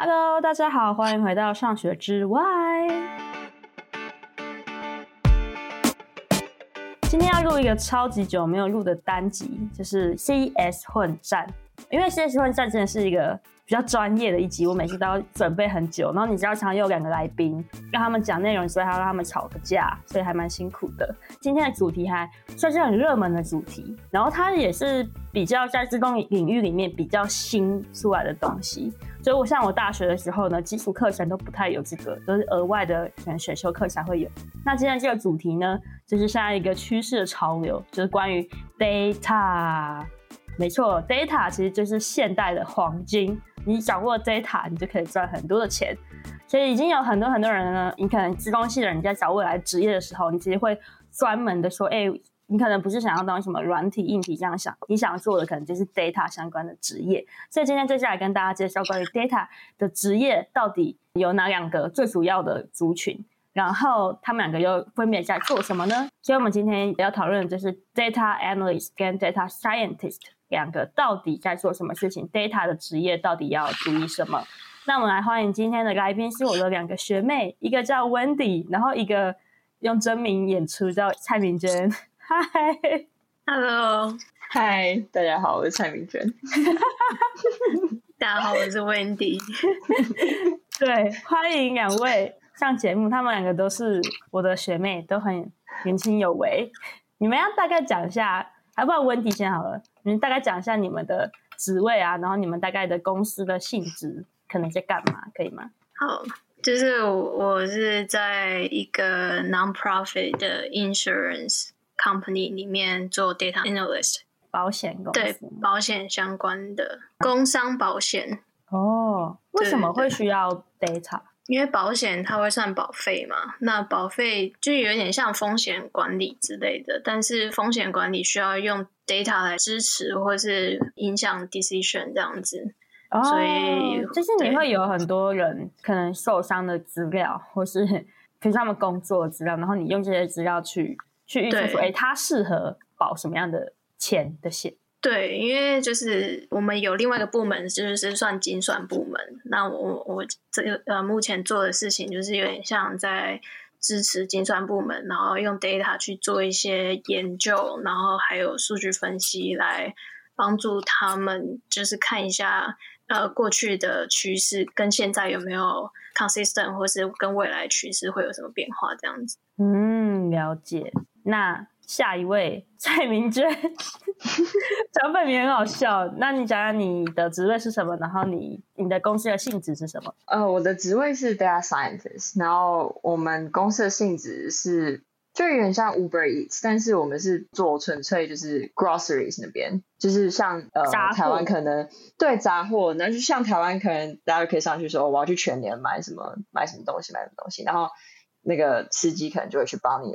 Hello，大家好，歡迎回到上學之 WHY。今天要錄一個超級久沒有錄的單集，就是 CS 混戰，因為 CS 混戰真的是一個。比較專業的一集，我每次都要準備很久。然後你知道，常常有兩個來賓，跟他們講內容，所以還要讓他們吵個架，所以還蠻辛苦的。今天的主題還算是很熱門的主題，然後它也是比較在資工領域裡面比較新出來的東西。所以，我像我大學的時候呢，基礎課程都不太有這個，都、就是額外的選選修課才會有。那今天這個主題呢，就是現在一個趨勢的潮流，就是關於 data。沒錯，data 其實就是現代的黃金。你掌握 data，你就可以賺很多的錢。所以已經有很多很多人呢，你可能資工系的人，人在找未來職業的時候，你其實會專門的說：“哎、欸，你可能不是想要當什麼軟體、硬體這樣想，你想做的可能就是 data 相關的職業。”所以今天接下來跟大家介紹關於 data 的職業到底有哪兩個最主要的族群，然後他們兩個又分別在做什麼呢？所以我們今天要討論的就是 data analyst 跟 data scientist。兩個到底該做什麼事情？Data 的職業到底要注意什麼？那我們來歡迎今天的來賓是我的兩個學妹，一個叫 Wendy，然後一個用真名演出叫蔡明娟。Hi，Hello，Hi，Hi. 大家好，我是蔡明娟。 大家好，我是 Wendy 。 對，歡迎兩位上節目，他們兩個都是我的學妹，都很年輕有為。你們要大概講一下，要不然 Wendy 先好了。大概講一下你們的職位啊，然後你們大概的公司的性質可能在幹嘛，可以嗎？好，就是我是在一個 non-profit 的 insurance company 裡面做 data analyst，保險公司嗎？對，保險相關的工商保險哦，為什麼會需要 data？因為保險它會算保費嘛，那保費就有點像風險管理之類的，但是風險管理需要用 data 來支持或是影響 decision 這樣子，所以，哦，就是你會有很多人可能受傷的資料，對或是平常的他們工作的資料，然後你用這些資料去去預測說，對哎，他適合保什麼樣的錢的險。對，因為就是我們有另外一個部門，就是算精算部門。那我我這個呃，目前做的事情就是有點像在支持精算部門，然後用 data 去做一些研究，然後還有數據分析來幫助他們，就是看一下呃過去的趨勢跟現在有沒有 consistent，或是跟未來趨勢會有什麼變化這樣子。嗯，了解。那。下一位蔡明娟，講 本名很好笑。那你講講你的職位是什麼？然後你你的公司的性質是什麼？呃，我的職位是 data scientist，然後我們公司的性質是就有點像 Uber Eats，但是我們是做純粹就是 groceries 那邊，就是像呃雜貨，台灣可能對雜貨，那就像台灣可能大家就可以上去說我要去全年買什麼買什麼東西買什麼東西，然後那個司機可能就會去幫你。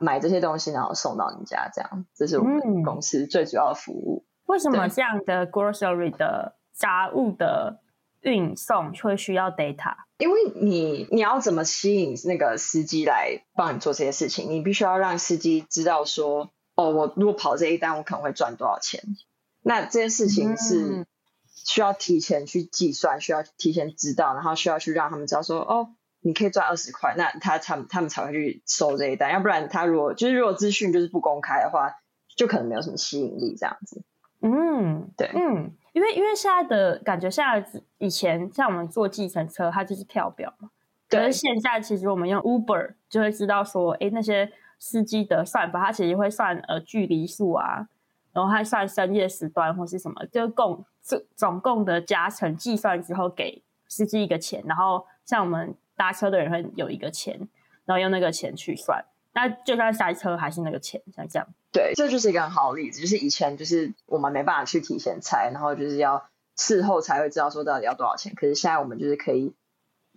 買這些東西，然後送到你家，這樣，這是我們公司最主要的服務。嗯，為什麼這樣的 grocery 的雜物的運送會需要 data？因為你你要怎麼吸引那個司機來幫你做這些事情？你必須要讓司機知道說，哦，我如果跑這一單，我可能會賺多少錢。那這些事情是需要提前去計算，需要提前知道，然後需要去讓他們知道說，哦。你可以賺二十塊，那他他，他們他們才會去收這一單，要不然他如果就是如果資訊就是不公開的話，就可能沒有什麼吸引力這樣子。嗯，對，嗯，因為因為現在的感覺，現在以前像我們坐計程車，它就是跳表嘛。對可是現在其實我們用 Uber 就會知道說，哎、欸，那些司機的算法，它其實會算呃距離數啊，然後還算深夜時段或是什麼，就是、共總共的加成計算之後給司機一個錢，然後像我們。搭車的人會有一個錢，然後用那個錢去算，那就算塞車還是那個錢，像這樣。對，這就是一個很好的例子，就是以前就是我們沒辦法去提前猜，然後就是要事後才會知道說到底要多少錢。可是現在我們就是可以，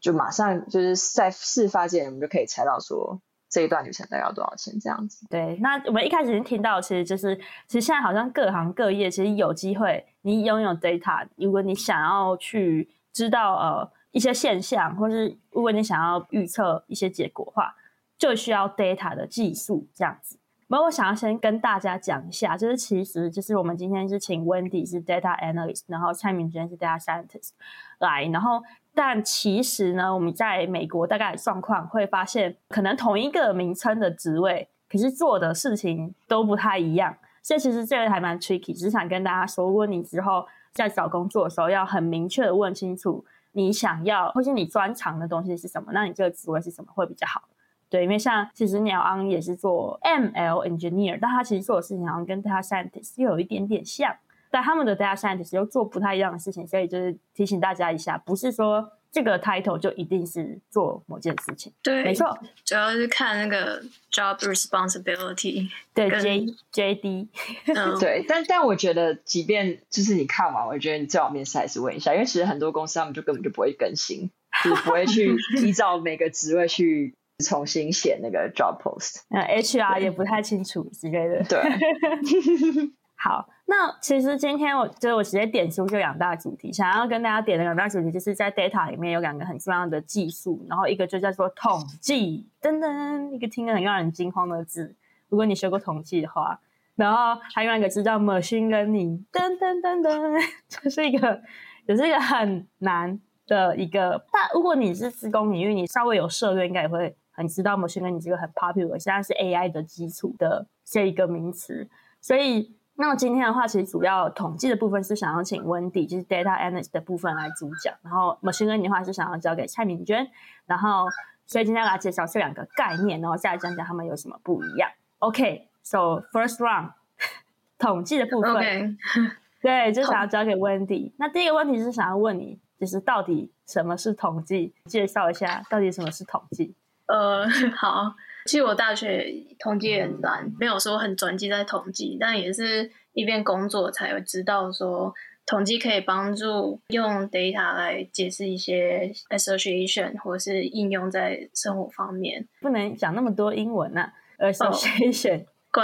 就馬上就是在事發前我們就可以猜到說這一段旅程大概要多少錢這樣子。對，那我們一開始已經聽到的，其實就是其實現在好像各行各業其實有機會，你擁有 data，如果你想要去知道呃。一些現象，或是如果你想要預測一些結果的話，就需要 data 的技術這樣子。那我想要先跟大家講一下，就是其實就是我們今天是請 Wendy 是 data analyst，然後蔡明娟是 data scientist 來，然後但其實呢，我們在美國大概狀況會發現，可能同一個名稱的職位，可是做的事情都不太一樣。所以其實這個還蠻 tricky，只是想跟大家說，如果你之後在找工作的時候，要很明確的問清楚。你想要或是你專長的東西是什麼？那你這個職位是什麼會比較好？對，因為像其實鳥昂也是做 ML Engineer，但他其實做的事情好像跟 Data Scientist 又有一點點像，但他們的 Data Scientist 又做不太一樣的事情，所以就是提醒大家一下，不是說。這個 title 就一定是做某件事情，對，沒錯錯，主要是看那個 job responsibility，對，J、JD，、um, 對，但但我覺得，即便就是你看完，我覺得你最好面試還是問一下，因為其實很多公司他們就根本就不會更新，就不會去依照每個職位去重新寫那個 job post，那 HR 對也不太清楚之類的，對， 好。那其實今天我就是我直接點出這兩大主題，想要跟大家點的兩大主題，就是在 data 裡面有兩個很重要的技術，然後一個就叫做統計，噔噔，一個聽來很讓人驚慌的字，如果你學過統計的話，然後還有一個字叫 machine 跟你，噔噔噔噔，這是一個也是一個很難的一個，但如果你是理工領域，你稍微有涉獵，應該也會很知道 machine 跟你這個很 popular，現在是 AI 的基礎的這一個名詞，所以。那我今天的話，其實主要統計的部分是想要請 Wendy，就是 Data Analyst 的部分來主講，然後 Machine Learning 的話是想要交給蔡明娟，然後所以今天來介紹這兩個概念，然後下一講講他們有什麼不一樣。OK，so、okay, first round，統計的部分，Okay. 對，就想要交給 Wendy。計那第一個問題是想要問你，就是到底什麼是統計？介紹一下到底什麼是統計。呃，好。其實我大學統計很難，沒有說很專精在統計，但也是一邊工作才有知道說統計可以幫助用 data 來解釋一些 association 或是應用在生活方面。不能講那麼多英文啊 association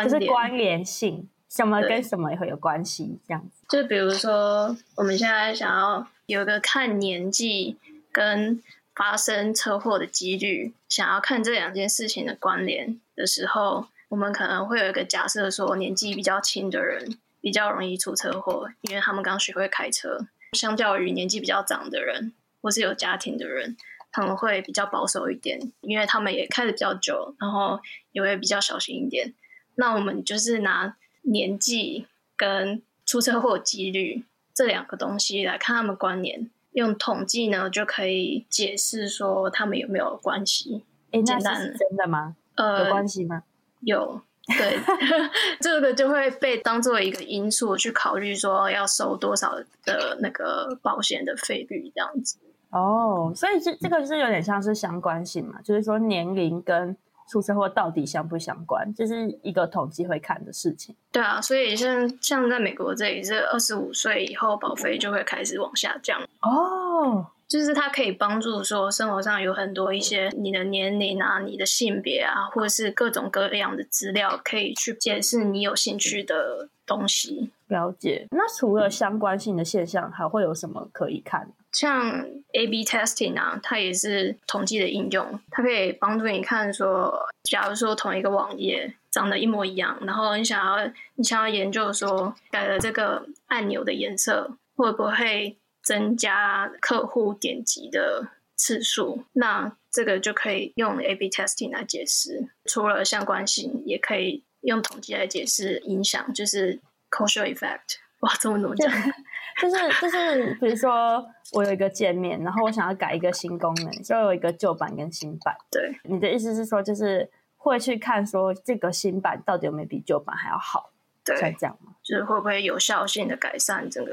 就是關聯性，點什麼跟什麼也會有關係這樣子。對就比如說我們現在想要有個看年紀跟。發生車禍的幾率，想要看這兩件事情的關聯的時候，我們可能會有一個假設說，說年紀比較輕的人比較容易出車禍，因為他們剛學會開車，相較於年紀比較長的人或是有家庭的人，他們會比較保守一點，因為他們也開的比較久，然後也會比較小心一點。那我們就是拿年紀跟出車禍幾率這兩個東西來看他們關聯。用統計呢，就可以解釋說他們有沒有關係？哎、欸，那是真的嗎？呃，有關係嗎？有，對， 這個就會被當做一個因素去考慮，說要收多少的那個保險的費率這樣子。哦，所以這這個就是有點像是相關性嘛，嗯、就是說年齡跟。出車禍到底相不相關，就是一個統計會看的事情。對啊，所以像像在美國這裡，是二十五歲以後保費就會開始往下降。哦，oh. 就是它可以幫助說，生活上有很多一些你的年齡啊、你的性別啊，或者是各種各樣的資料，可以去檢視你有興趣的東西。了解。那除了相關性的現象，嗯、還會有什麼可以看？像 A/B testing 啊，它也是統計的應用，它可以幫助你看說，假如說同一個網頁長得一模一樣，然後你想要你想要研究說，改了這個按鈕的顏色會不會增加客戶點擊的次數，那這個就可以用 A/B testing 來解釋。除了相關性，也可以用統計來解釋影響，就是 causal effect。哇，中文怎麼講？就是就是，比如說我有一個界面，然後我想要改一個新功能，所以有一個舊版跟新版。對，你的意思是說，就是會去看說這個新版到底有沒有比舊版還要好，對才這樣。就是會不會有效性的改善整個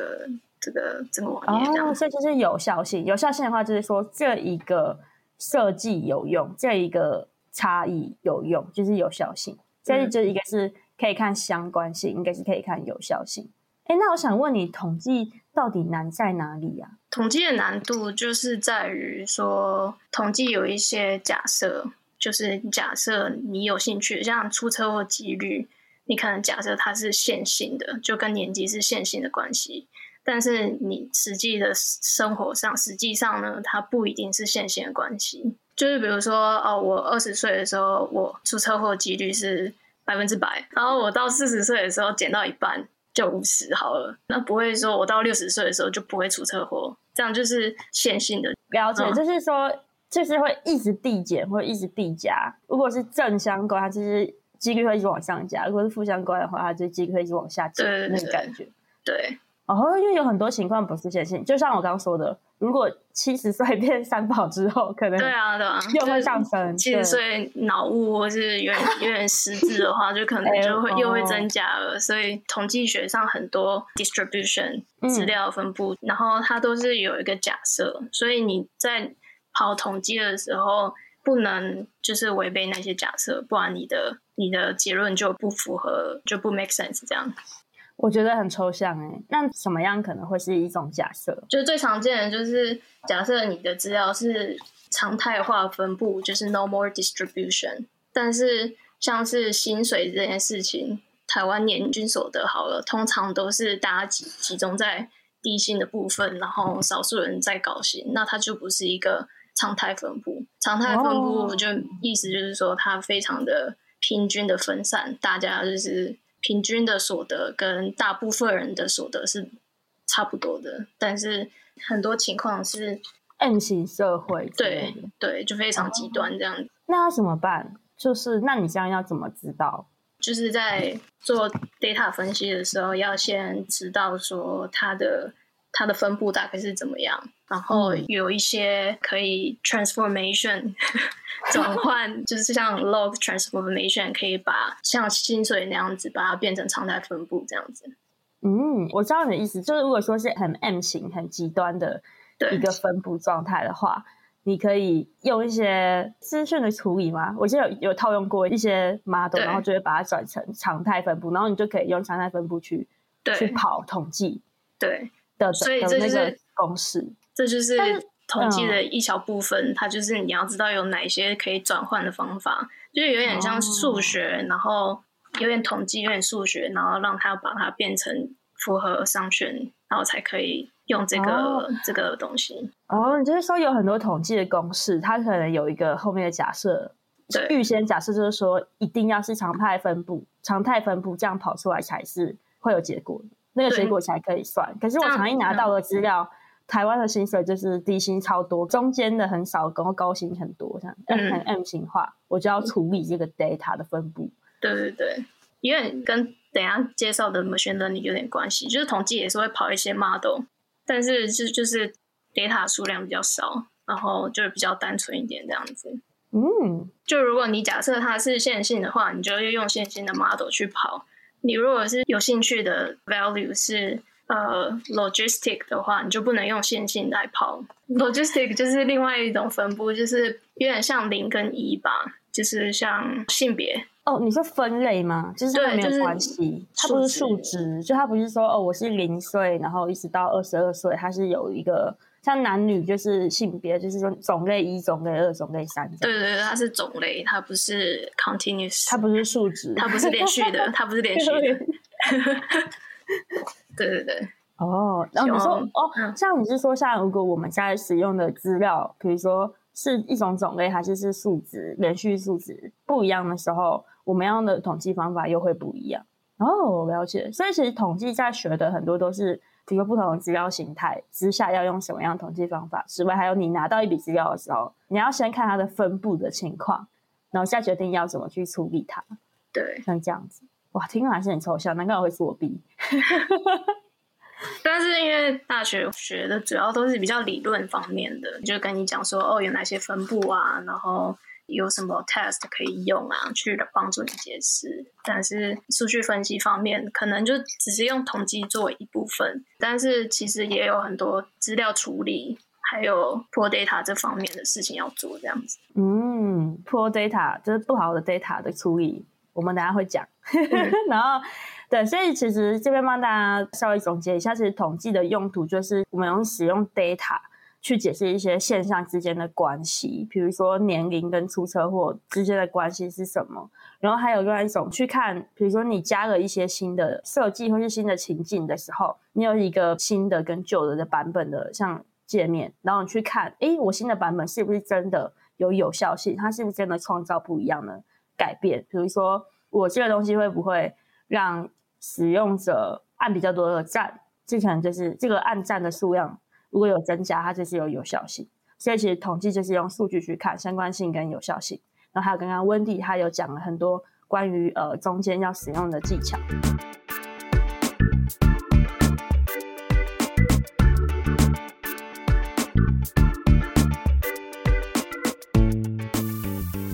這個、這個、這個網頁這樣？哦，所以就是有效性，有效性的話就是說，這一個設計有用，這一個差異有用，就是有效性。所以就一個是可以看相關性，應該是可以看有效性。哎，那我想問你，統計到底難在哪裡啊？統計的難度就是在於說，統計有一些假設，就是假設你有興趣，像出車禍幾率，你可能假設它是線性的，就跟年紀是線性的關係。但是你實際的生活上，實際上呢，它不一定是線性的關係。就是比如說，哦，我二十歲的時候，我出車禍幾率是百分之百，然後我到四十歲的時候，減到一半。就五十好了，那不會說我到六十歲的時候就不會出車禍，這樣就是線性的。了解，嗯、就是說，就是會一直遞減或者一直遞加。如果是正相關，它就是幾率會一直往上加。如果是負相關的話，它就幾率會一直往下減。對對對，那個感覺，對。然後、oh, 因為有很多情況不是線性，就像我剛剛說的。如果七十歲變三寶之後，可能對啊，對啊，又會上升。七十歲腦霧或是有點 有點失智的話，就可能就會又會增加了。所以統計學上很多 distribution 資料分布，嗯、然後它都是有一個假設，所以你在跑統計的時候不能就是違背那些假設，不然你的你的結論就不符合，就不 make sense 這樣。我覺得很抽象哎，那什麼樣可能會是一種假設？就最常見的就是假設你的資料是常態化分布，就是 normal distribution。但是像是薪水這件事情，台灣年均所得好了，通常都是大家集集中在低薪的部分，然後少數人在高薪，那它就不是一個常態分布。常態分布就意思就是說它非常的平均的分散，大家就是。平均的所得跟大部分人的所得是差不多的，但是很多情況是 M 型社會，對對，就非常極端這樣子。Oh. 那要怎麼辦？就是那你現在要怎麼知道？就是在做 data 分析的時候，要先知道說他的。它的分布大概是怎麼樣？然後有一些可以 transformation 轉 換，就是像 log transformation，可以把像薪水那樣子把它變成常態分布這樣子。嗯，我知道你的意思，就是如果說是很 M 型、很極端的一個分布狀態的話，對你可以用一些資訊的處理嗎？我記得有有套用過一些 model，對然後就會把它轉成常態分布，然後你就可以用常態分布去對去跑統計。對。的所以這就是公式，這就是統計的一小部分。但它就是你要知道有哪些可以轉換的方法，嗯、就是有點像數學，嗯、然後有點統計，有點數學，然後讓它把它變成符合商圈，然後才可以用這個、嗯、這個東西。哦，你就是說有很多統計的公式，它可能有一個後面的假設，預對先假設就是說一定要是常態分布，常態分布這樣跑出來才是會有結果。那個水果才可以算，對可是我常一拿到的資料，嗯、台灣的薪水就是低薪超多，中間的很少，然後高薪很多，這樣很 M 型化，嗯、我就要處理這個 data 的分布。對對對，因為跟等下介紹的 machine learning 有點關係，就是統計也是會跑一些 model，但是就就是 data 數量比較少，然後就比較單純一點這樣子。嗯，就如果你假設它是線性的話，你就用線性的 model 去跑。你如果是有興趣的 value 是呃 logistic 的話，你就不能用線性來跑。Logistic 就是另外一種分布， 就是有點像零跟一吧，就是像性別。哦，你說分類嗎？就是沒有關係，它、就是、不是數值，就它不是說哦，我是零歲，然後一直到二十二歲，它是有一個。像男女就是性別，就是說種類一、種類二、種類三種類。對對對，它是種類，它不是 continuous，它不是數值，它不是連續的， 它不是連續的。 對對對，哦。然後你說，喜歡，哦，像你是說，像如果我們現在使用的資料，比如說是一種種類，還是是數值連續數值不一樣的時候，我們要用的統計方法又會不一樣。哦，了解。所以其實統計在學的很多都是。提供不同的資料形態之下，要用什麼樣的統計方法？此外，還有你拿到一筆資料的時候，你要先看它的分布的情況，然後下決定要怎麼去處理它。對，像這樣子，哇，聽完還是很抽象，難怪我會作弊。 但是因為大學學的主要都是比較理論方面的，就跟你講說哦，有哪些分布啊，然後。有什麼 test 可以用啊，去幫助你解釋？但是數據分析方面，可能就只是用統計做一部分，但是其實也有很多資料處理，還有 poor data 這方面的事情要做，這樣子。嗯，poor data 就是不好的 data 的處理，我們等下會講。 嗯、 然後，對，所以其實這邊幫大家稍微總結一下，其實統計的用途就是我們用使用 data。去解釋一些現象之間的關係，比如說年齡跟出車禍之間的關係是什麼。然後還有另外一種，去看，比如說你加了一些新的設計或是新的情境的時候，你有一個新的跟舊的的版本的像界面，然後你去看，誒、欸、我新的版本是不是真的有有效性？它是不是真的創造不一樣的改變？比如說，我這個東西會不會讓使用者按比較多的讚？這可能就是這個按讚的數量。如果有增加，它就是有有效性。所以其實統計就是用數據去看相關性跟有效性。然後還有剛剛 Wendy 她有講了很多關於呃中間要使用的技巧。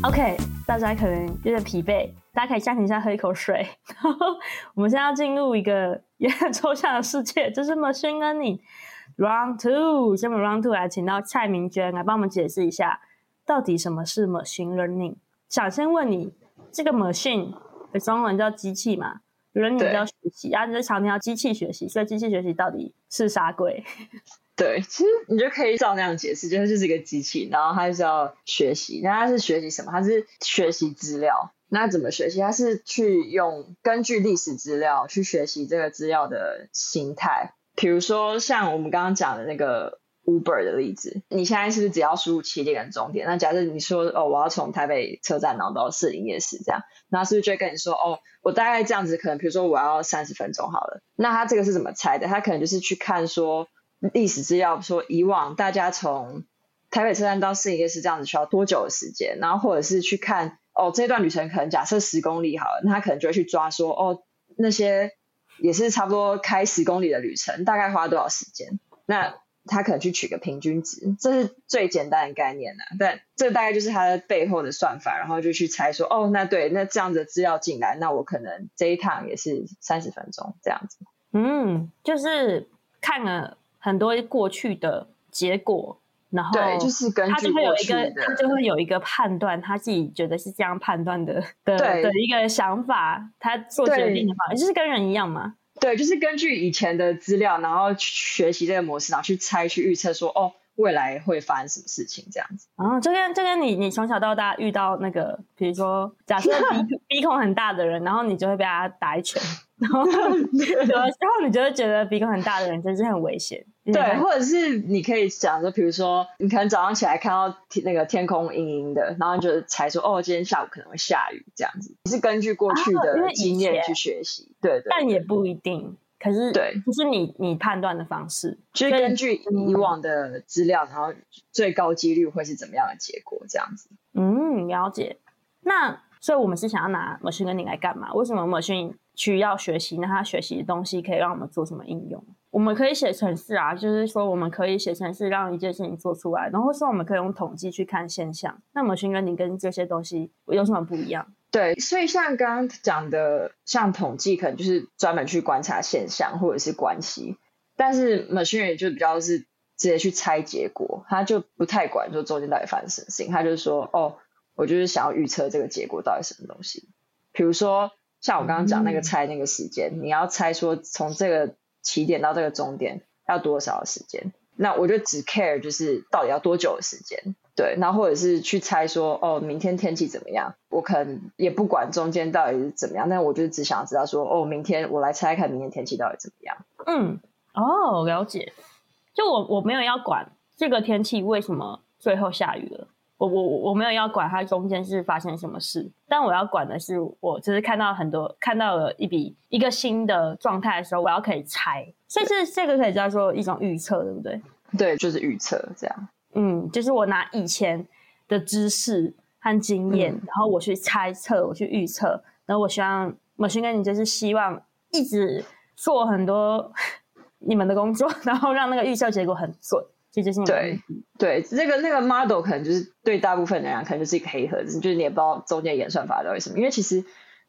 OK，大家可能有點疲憊，大家可以暫停一下喝一口水。然 後我們現在要進入一個也很抽象的世界，就是 machine learning。Round Two，Round Two 來，請到蔡明娟來幫我們解釋一下，到底什麼是 machine learning？想先問你，這個 machine 的中文叫機器嘛？learning 對叫學習，啊，你、就、在、是、常聽到機器學習，所以機器學習到底是啥鬼？對，其實你就可以照那樣解釋，就是這個機器，然後它就是要學習，那它是學習什麼？它是學習資料，那怎麼學習？它是去用根據歷史資料去學習這個資料的形態。比如說像我們剛剛講的那個 Uber 的例子，你現在是不是只要輸入起點跟終點。那假設你說哦，我要從台北車站然後到士林夜市這樣，那是不是就會跟你說哦，我大概這樣子，可能比如說我要三十分鐘好了。那他這個是怎麼猜的？他可能就是去看說歷史資料，說以往大家從台北車站到士林夜市這樣子需要多久的時間，然後或者是去看哦這段旅程可能假設十公里好了，那他可能就會去抓說哦那些。也是差不多開十公里的旅程，大概花多少時間？那他可能去取個平均值，這是最簡單的概念了。但這大概就是他的背後的算法，然後就去猜說，哦，那對，那這樣子的資料進來，那我可能這一趟也是三十分鐘這樣子。嗯，就是看了很多過去的結果。然後他就會有一個，就是、他就會有一個判斷，他自己覺得是這樣判斷的的對的一個想法，他做決定的話，對就是跟人一樣嘛。對，就是根據以前的資料，然後去學習這個模式，然後去猜去預測說哦。未來會發生什麼事情？這樣子，然後就跟就跟你，你從小到大遇到那個，比如說，假設鼻 鼻孔很大的人，然後你就會被他打一拳，然後然後 你就會覺得鼻孔很大的人真的很危險。對，看或者是你可以講，着比如說，你可能早上起來看到那個天空陰陰的，然後就猜說哦，今天下午可能會下雨，這樣子，你是根據過去的經驗去學習，啊哦、對，但也不一定。還是對，就是你你判斷的方式，就是根據以往的資料，嗯，然後最高幾率會是怎麼樣的結果，這樣子。嗯，了解。那所以我們是想要拿 machine 跟你來幹嘛？為什麼 machine 需要學習？那它學習的東西可以讓我們做什麼應用？我們可以寫程式啊，就是說我們可以寫程式讓一件事情做出來，然後說我們可以用統計去看現象。那 machine learning 跟這些東西有什麼不一樣？對，所以像剛剛講的，像統計可能就是專門去觀察現象或者是關係，但是 machine learning 就比較是直接去猜結果，他就不太管說中間到底發生什麼事，他就是說哦，我就是想要預測這個結果到底是什麼東西。比如說像我剛剛講那個猜那個時間，嗯嗯你要猜說從這個。起點到這個終點要多少時間？那我就只 care 就是到底要多久的時間，對，那或者是去猜說，哦，明天天氣怎麼樣，我可能也不管中間到底是怎麼樣，但我就只想知道說，哦，明天我來猜猜看明天天氣到底怎麼樣？嗯，哦，了解。就我我沒有要管這個天氣為什麼最後下雨了。我我我我沒有要管它中間是發生什麼事，但我要管的是我就是看到很多，看到了一筆一個新的狀態的時候，我要可以猜，對所以是這個可以叫做一種預測，對不對？對，就是預測這樣。嗯，就是我拿以前的知識和經驗，嗯、然後我去猜測，我去預測，然後我希望我跟你就是希望一直做很多你們的工作，然後讓那個預測結果很準。 對對，那個那個 model 可能就是對大部分的人可能就是一個黑盒子，就是你也不知道中間演算法到底什麼。因為其實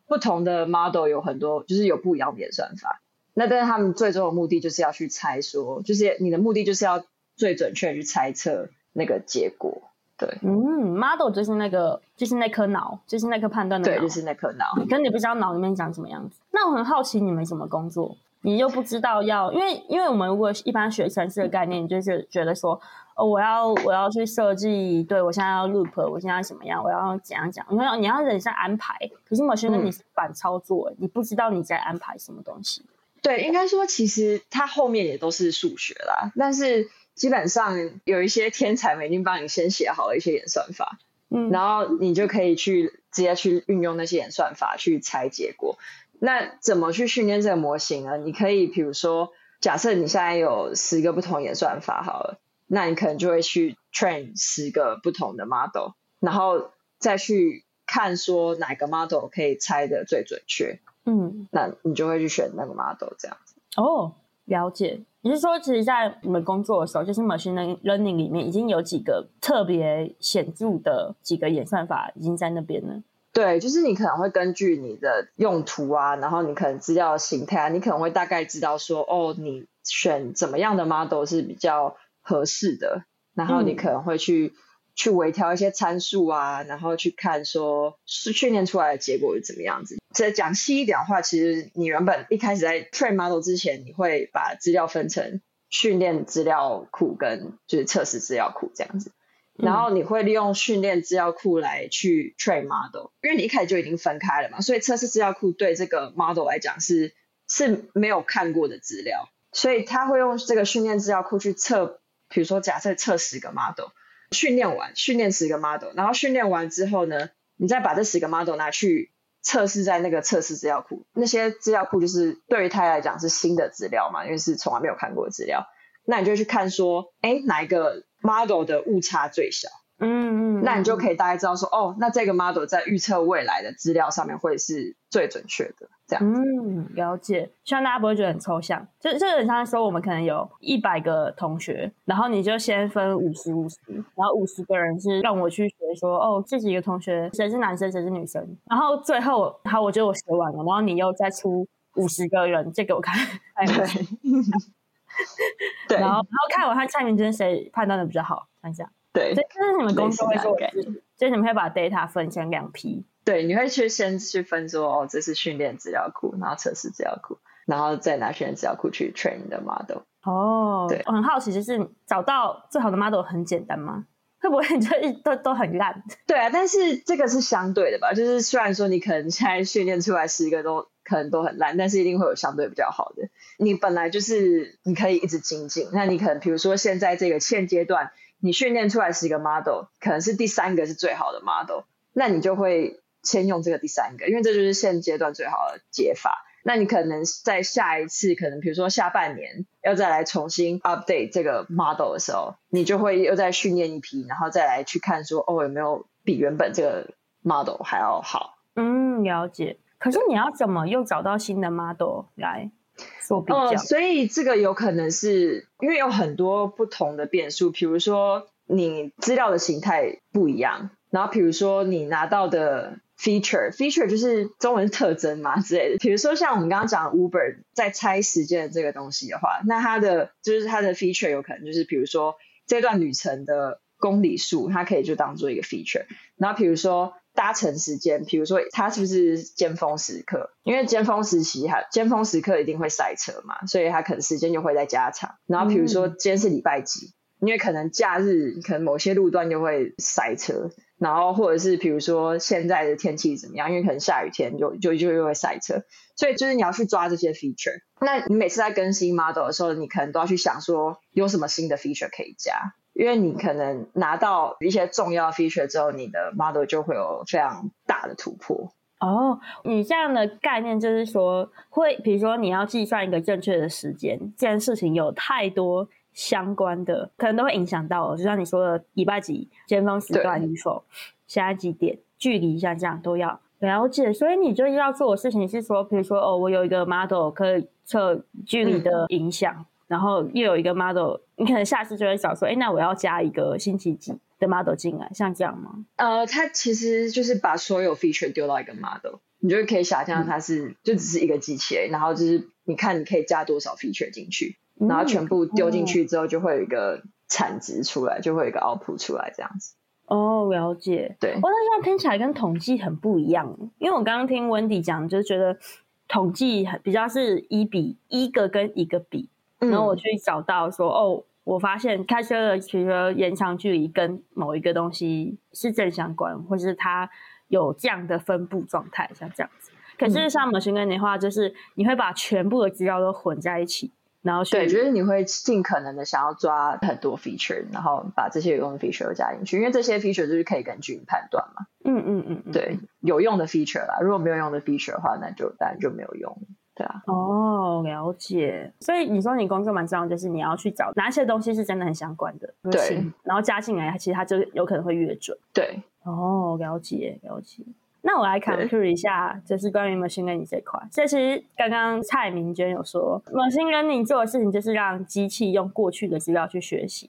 不同的 model 有很多，就是有不一樣的演算法。那但是他們最終的目的就是要去猜說，就是你的目的就是要最準確去猜測那個結果。對，嗯，model 就是那個，就是那顆腦，就是那顆判斷的，對，就是那顆腦。可是你不知道腦裡面長什麼樣子。嗯，那我很好奇你們怎麼工作。你又不知道要，因為因為我們如果一般學程序的概念，你就是覺得說，哦，我要我要去設計，對我現在要 loop，我現在要怎麼樣，我要怎樣講，你要你要人下安排，可是某些人你反操作，嗯、你不知道你在安排什麼東西。對，對應該說其實它後面也都是數學啦，但是基本上有一些天才們已經幫你先寫好了一些演算法，嗯，然後你就可以去直接去運用那些演算法去猜結果。那怎麼去訓練這個模型呢？你可以比如說，假設你現在有十個不同演算法好了，那你可能就會去 train 十個不同的 model，然後再去看說哪個 model 可以猜得最準確，嗯，那你就會去選那個 model 這樣子。哦，了解。你是說，其實，在你們工作的時候，就是 machine learning 裡面已經有幾個特別顯著的幾個演算法已經在那邊了？對，就是你可能會根據你的用途啊，然後你可能資料的形態啊，你可能會大概知道說，哦，你選怎麼樣的 model 是比較合適的，然後你可能會去、嗯、去微調一些參數啊，然後去看說是訓練出來的結果是怎麼樣子。再講細一點的話，其實你原本一開始在 train model 之前，你會把資料分成訓練資料庫跟就是測試資料庫這樣子。然後你會利用訓練資料庫來去 train model、嗯、因為你一開始就已經分開了嘛，所以測試資料庫對這個 model 來講是是沒有看過的資料，所以他會用這個訓練資料庫去測，比如說假設測十個 model，訓練完訓練十個 model，然後訓練完之後呢，你再把這十個 model 拿去測試在那個測試資料庫，那些資料庫就是對於他來講是新的資料嘛，因為是從來沒有看過的資料，那你就去看說，哎，哪一個 model 的誤差最小，嗯嗯，那你就可以大概知道說，嗯、哦，那這個 model 在預測未來的資料上面會是最準確的，這樣。嗯，了解。希望大家不會覺得很抽象，就就很像說，我們可能有一百個同學，然後你就先分五十五十，然後五十個人是讓我去學說，哦，這幾個同學誰是男生誰是女生，然後最後，好，我覺得我學完了，然後你又再出五十個人借給我看， 對。 然後，對然後看我和蔡明娟誰判斷的比較好，看一下。對，所以這是你們公司會做，所以你們會把 data 分成兩批。對，你會去先去分說，哦，這是訓練資料庫，然後測試資料庫，然後再拿訓練資料庫去 train 你的 model。哦，對，我很好奇，就是找到最好的 model 很簡單嗎？會不會就是都都很爛？對啊，但是這個是相對的吧？就是雖然說你可能現在訓練出來十個都。可能都很爛，但是一定會有相對比較好的。你本來就是你可以一直精進，那你可能比如說現在這個現階段，你訓練出來十個 model，可能是第三個是最好的 model，那你就會先用這個第三個，因為這就是現階段最好的解法。那你可能在下一次可能比如說下半年要再來重新 update 這個 model 的時候，你就會又再訓練一批，然後再來去看說哦，有沒有比原本這個 model 還要好？嗯，了解。可是你要怎麼又找到新的 model 來做比較？嗯，所以這個有可能是因為有很多不同的變數，比如說你資料的形態不一樣，然後比如說你拿到的 feature feature 就是中文是特徵嘛之類的。比如說像我們剛剛講的 Uber 在猜時間的這個東西的話，那它的就是它的 feature 有可能就是比如說這段旅程的公里數，它可以就當做一個 feature，然後比如說。搭乘時間，比如說，他是不是尖峰時刻？因為尖峰時期，哈，尖峰時刻一定會塞車嘛，所以他可能時間就會再加長。然後比如說今天是禮拜幾，嗯、因為可能假日，可能某些路段就會塞車。然後，或者是比如說現在的天氣怎麼樣？因為可能下雨天就就就會塞車，所以就是你要去抓這些 feature。那你每次在更新 model 的時候，你可能都要去想說有什麼新的 feature 可以加，因為你可能拿到一些重要 feature 之後，你的 model 就會有非常大的突破。哦，你這樣的概念就是說，會，比如說你要計算一個正確的時間，這件事情有太多。相關的可能都會影響到，就像你說的以巴，禮拜幾尖峰時段與否、現在對幾點、距離像這樣都要了解。所以你就要做的事情是說，比如說哦，我有一個 model 可以測距離的影響，嗯、然後又有一個 model，你可能下次就會想說，哎、欸，那我要加一個星期幾的 model 進來，像這樣嗎？呃，它其實就是把所有 feature 丟到一個 model，你就可以想象它是、嗯、就只是一個機器人，嗯、然後就是你看你可以加多少 feature 進去。然後全部丟進去之後，就會有一個產值出來，嗯嗯、就會有一個 output 出來這樣子。哦，了解。對。我那時候聽起來跟統計很不一樣，因為我剛剛聽 Wendy 講，就是覺得統計比較是一比一個跟一個比。嗯、然後我去找到說，哦，我發現開車的其實延長距離跟某一個東西是正相關，或是它有這樣的分布狀態，像這樣子。可是像 Machine Learning 的話，嗯、就是你會把全部的資料都混在一起，然後對，就是你會盡可能的想要抓很多 feature，然後把這些有用的 feature 都加進去，因為這些 feature 就是可以根據你判斷嘛。嗯嗯嗯對，有用的 feature 啦，如果沒有用的 feature 的話，那就當然就沒有用。對啊，哦，了解。所以你說你工作蠻重要，就是你要去找哪些東西是真的很相關的，就是，對，然後加進來，其實它就有可能會越準。對，哦，了解，了解。那我來 conclude 一下，就是關於 machine learning 這塊。對其實剛剛蔡明娟有說，machine learning 做的事情就是讓機器用過去的資料去學習，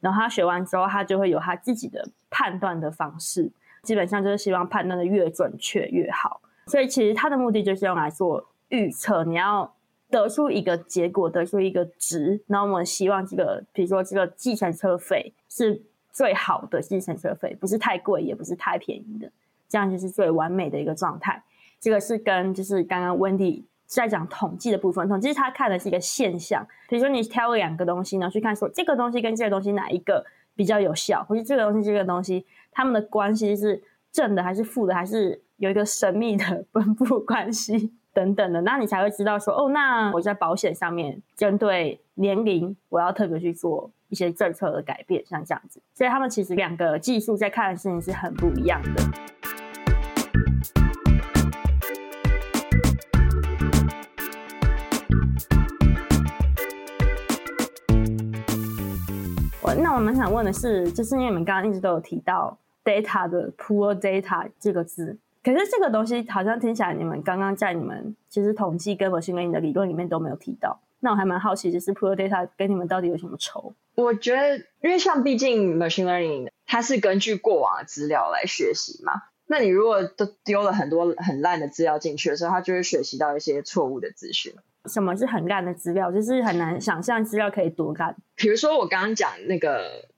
然後他學完之後，他就會有他自己的判斷的方式。基本上就是希望判斷的越準確越好。所以其實他的目的就是用來做預測。你要得出一個結果，得出一個值。然後我們希望這個，比如說這個計程車費是最好的計程車費，不是太貴，也不是太便宜的。這樣就是最完美的一個狀態。這個是跟就是剛剛 Wendy 在講統計的部分，統計其實他看的是一個現象。比如說你挑了兩個東西呢，然後去看說這個東西跟這個東西哪一個比較有效，或是這個東西、這個東西它們的關係是正的還是負的，還是有一個神秘的分布關係等等的，那你才會知道說哦，那我在保險上面針對年齡，我要特別去做一些政策的改變，像這樣子。所以他們其實兩個技術在看的事情是很不一樣的。我那我蠻想問的是，就是因為你們剛剛一直都有提到 data 的 poor data 這個字，可是這個東西好像聽起來你們剛剛在你們其實統計跟 machine learning 的理論裡面都沒有提到。那我還蠻好奇，就是 poor data 跟你們到底有什麼仇？我覺得，因為像畢竟 machine learning 它是根據過往的資料來學習嘛。那你如果都丟了很多很爛的資料進去的時候，他就會學習到一些錯誤的資訊。什麼是很爛的資料？就是很難想象資料可以多爛？比如說我剛剛講那個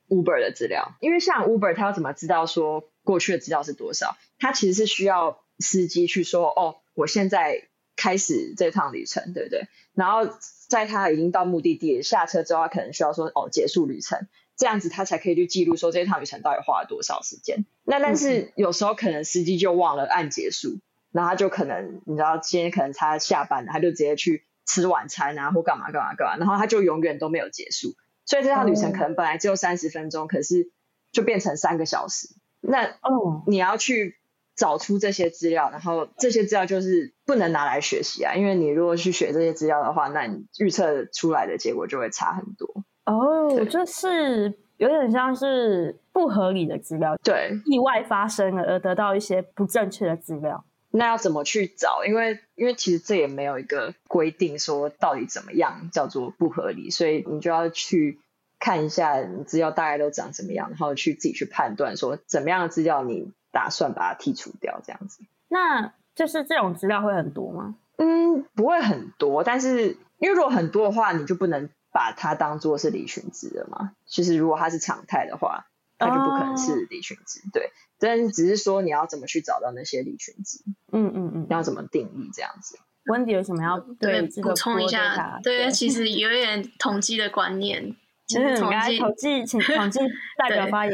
Uber 的資料，因為像 Uber，他要怎麼知道說過去的資料是多少？他其實是需要司機去說哦，我現在開始這趟旅程，對不對？然後在他已經到目的地下車之後，他可能需要說哦，結束旅程。這樣子他才可以去記錄說這一趟旅程到底花了多少時間。那但是有時候可能司機就忘了按結束，然後他就可能你知道今天可能他下班了，他就直接去吃晚餐啊或幹嘛幹嘛幹嘛，然後他就永遠都沒有結束。所以這趟旅程可能本來只有三十分鐘，可是就變成三個小時。那哦，你要去找出這些資料，然後這些資料就是不能拿來學習啊，因為你如果去學這些資料的話，那你預測出來的結果就會差很多。哦，oh, 對這是有點像是，不合理的資料，對，意外發生了而得到一些不正確的資料，那要怎麼去找？因為因為其實這也沒有一個規定說到底怎麼樣叫做不合理，所以你就要去看一下資料大概都長怎麼樣，然後去自己去判斷說怎麼樣的資料你打算把它剔除掉這樣子。那就是這種資料會很多嗎？嗯，不會很多，但是因為如果很多的話，你就不能。把它當做是離群值的嘛？其實如果他是常態的話，他就不可能是離群值。對，但是只是說你要怎麼去找到那些離群值？嗯嗯嗯，要怎麼定義這樣子？Wendy 有什麼要對補充一下？對，其實有一點統計的觀念。其實統計統計，請統計代表發言，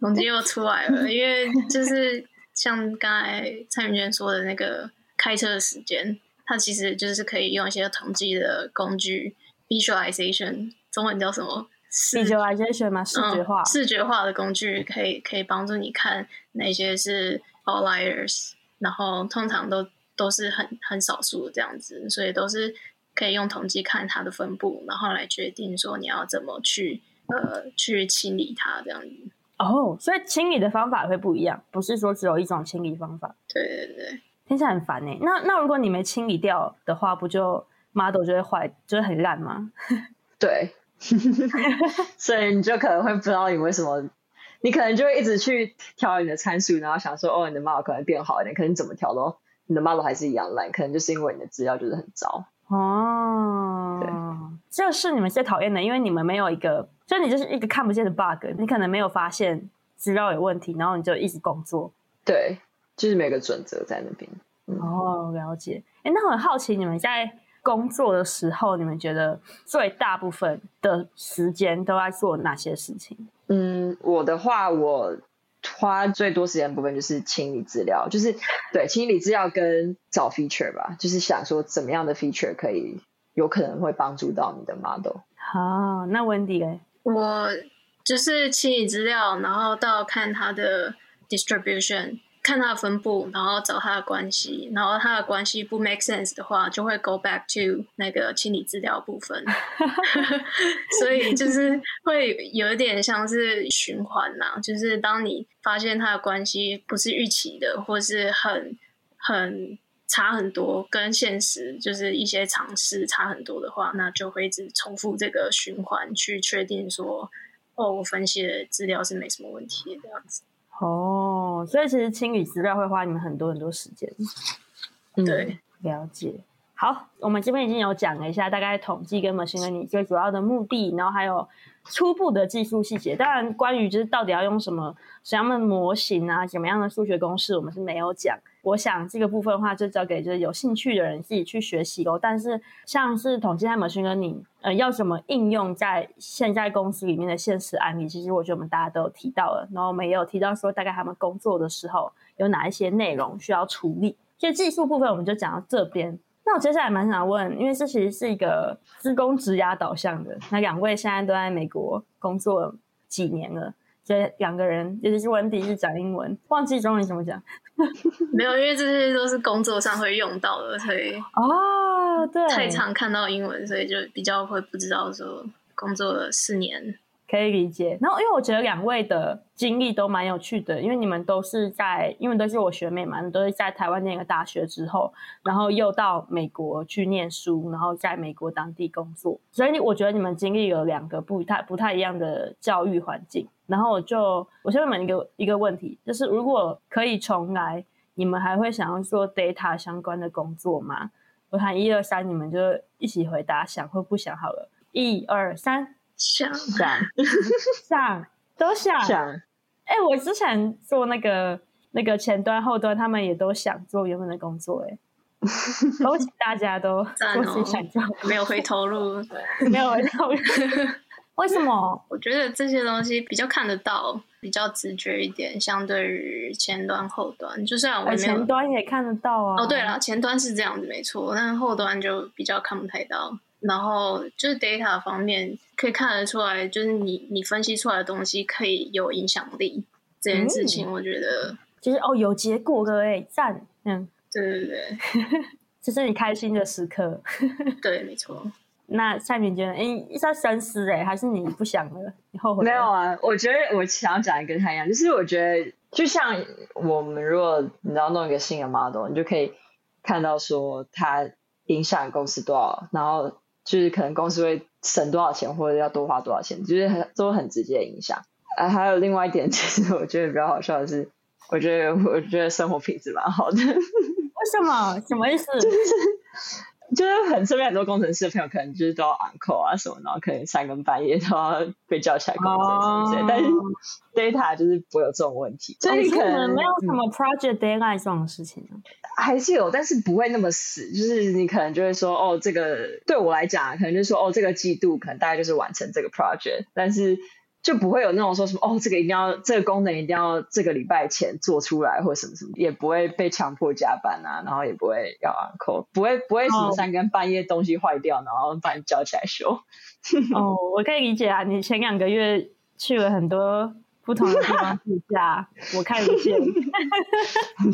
統計又出來了。因為就是像剛才蔡明娟說的那個開車時間，它其實就是可以用一些統計的工具。Visualization 中文叫什麼？Visualization 嗎？視覺化。視覺化的工具可以可以幫助你看哪些是 outliers，然後通常都都是很很少數的這樣子，所以都是可以用統計看它的分布，然後來決定說你要怎麼去呃去清理它這樣子。哦，oh, 所以清理的方法會不一樣，不是說只有一種清理方法。對對對。聽起來很煩呢、欸。那那如果你沒清理掉的話，不就？model 就會壞，就是很爛嘛。對， 所以你就可能會不知道你為什麼，你可能就會一直去調你的參數，然後想說，哦，你的 model 可能變好一點，可能怎麼調都，你的 model 還是一樣爛，可能就是因為你的資料就是很糟。哦，對，這是你們最討厭的，因為你們沒有一個，就是你就是一個看不見的 bug，你可能沒有發現資料有問題，然後你就一直工作。對，就是沒有一個準則在那邊。嗯、哦，了解。哎、欸，那我很好奇你們在。工作的時候，你們覺得最大部分的時間都在做哪些事情？嗯，我的話，我花最多時間的部分就是清理資料，就是對，清理資料跟找 feature 吧，就是想說怎麼樣的 feature 可以，有可能會幫助到你的 model。好，那 Wendy 呢？我就是清理資料，然後到看它的 distribution。看他的分布，然後找他的關係，然後他的關係不 make sense 的話，就會 go back to 那個清理資料部分。 所以就是會有一點像是循環吶，就是當你發現他的關係不是預期的，或是很很差很多，跟現實就是一些常識差很多的話，那就會一直重複這個循環去確定說，哦，我分析的資料是沒什麼問題的這樣子。哦。Oh. 所以其實清理資料會花你們很多很多時間。嗯，對，了解。好，我們這邊已經有講了一下大概統計跟模型的你最主要的目的，然後還有初步的技術細節。當然，關於就是到底要用什麼什麼樣的模型啊，什麼樣的數學公式，我們是沒有講。我想這個部分的話，就交給就是有興趣的人自己去學習哦，但是像是統計 machine learning，你呃要怎麼應用在現在公司裡面的現實案例？其實我覺得我們大家都有提到了，然後我們也有提到說，大概他們工作的時候有哪一些內容需要處理。所以技術部分，我們就講到這邊。那我接下來蠻想問，因為這其實是一個資工職涯導向的。那兩位現在都在美國工作幾年了？這兩個人，尤其是 Wendy 是講英文，忘記中文怎麼講， 沒有，因為這些都是工作上會用到的，所以啊，對，太常看到英文，所以就比較會不知道說工作了四年。可以理解，然後因為我覺得兩位的經歷都蠻有趣的，因為你們都是在，因為都是我學妹嘛，你都是在台灣念個大學之後，然後又到美國去念書，然後在美國當地工作，所以我覺得你們經歷了兩個不太不太一樣的教育環境。然後我就我先問你們一個一個問題，就是如果可以重來，你們還會想要做 data 相關的工作嗎？我喊一二三，你們就一起回答想或不想好了。一二三。想想，想都想。哎、欸，我之前做那個那個前端後端，他們也都想做原本的工作，哎，為大家都、喔、想做？沒有回頭路，沒有回頭路。 為什麼？我覺得這些東西比較看得到，比較直覺一點，相對於前端後端。就是我們前端也看得到啊。哦，對了，前端是這樣子沒錯，但是後端就比較看不太到。然後就是 data 方面可以看得出來，就是你你分析出來的東西可以有影響力這件事情，我覺得其實、嗯就是、哦有結果的，的哎讚嗯，對對對， 這是你開心的時刻， 對，沒錯。 那蔡明娟，哎，你在三思哎，還是你不想了？你後悔？沒有啊，我覺得我想要講的跟他一樣，就是我覺得就像我們，如果你要弄一個新的 model，你就可以看到說它影響公司多少，然後。就是可能公司會省多少錢，或者要多花多少錢，就是很都很直接影響。啊，還有另外一點，其實我覺得比較好笑的是，我覺得我覺得生活品質蠻好的。為什麼？什麼意思？就是就是很身邊很多工程師的朋友，可能就是都要 on call 啊什麼，然後可能三更半夜都要被叫起來工作什麼，但是 data 就是不會有這種問題，就是可能、哦、沒有什麼 project deadline 這種事情，啊，嗯。還是有，但是不會那麼死。就是你可能就會說，哦，這個對我來講，可能就是說，哦，這個季度可能大概就是完成這個 project，但是，就不會有那種說什麼哦，這個一定要，這個功能一定要這個禮拜前做出來，或什麼什麼，也不會被強迫加班啊，然後也不會要 on call，不會不會什麼三更半夜東西壞掉，哦、然後把你叫起來修。哦，我可以理解啊，你前兩個月去了很多。不同的地方，線下， 我看不見。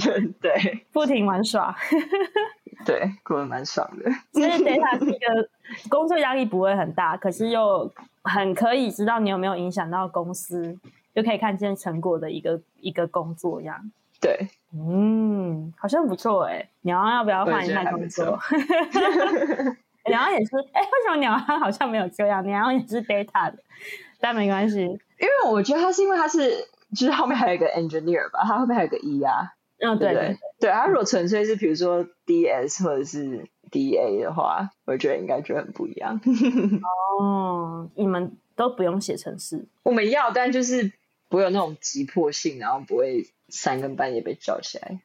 對對，不停玩耍， 對，過得蠻爽的。其 實，data 是一個工作壓力不會很大，可是又很可以知道你有沒有影響到公司，就可以看見成果的一個一個工作樣。對，嗯，好像不錯哎、欸，鳥安要不要換一下工作？鳥安也, 也是，哎、欸，為什麼鳥安好像沒有這樣？鳥安也是 data 但沒關係。因為我覺得他是，因為他是就是後面還有一個 engineer 吧，他後面還有一個一、ER，啊、哦，嗯對對對，對，他如果純粹是比如說 DS 或者是 DA 的話，我覺得應該就很不一樣。哦， 你們都不用寫程式，我們要，但就是不會有那種急迫性，然後不會三更半夜被叫起來。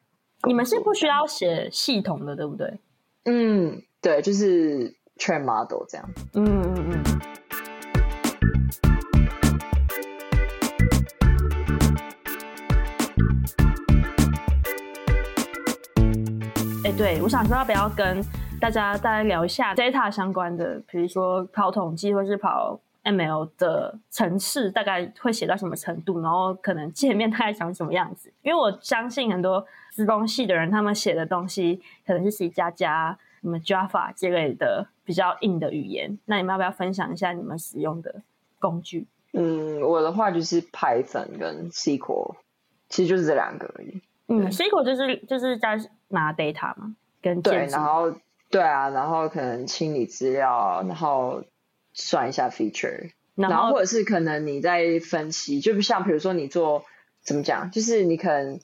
你們是不需要寫系統的，對不對？嗯，對，就是 train model 這樣。嗯嗯嗯。對，我想說要不要跟大家再聊一下 data 相關的，比如說跑統計或是跑 ML 的程式，大概會寫到什麼程度，然後可能界面大概長什麼樣子。因為我相信很多資工系的人，他們寫的東西可能是 C 加加什麼 Java 這類的比較硬的語言。那你們要不要分享一下你們使用的工具？嗯，我的話就是 Python 跟 SQL，其實就是這兩個而已。嗯，SQL 就是就是在拿 data 嗎？跟對，然後對啊，然後可能清理資料，然後算一下 feature，然後，然後或者是可能你在分析，就不像比如說你做怎麼講，就是你可能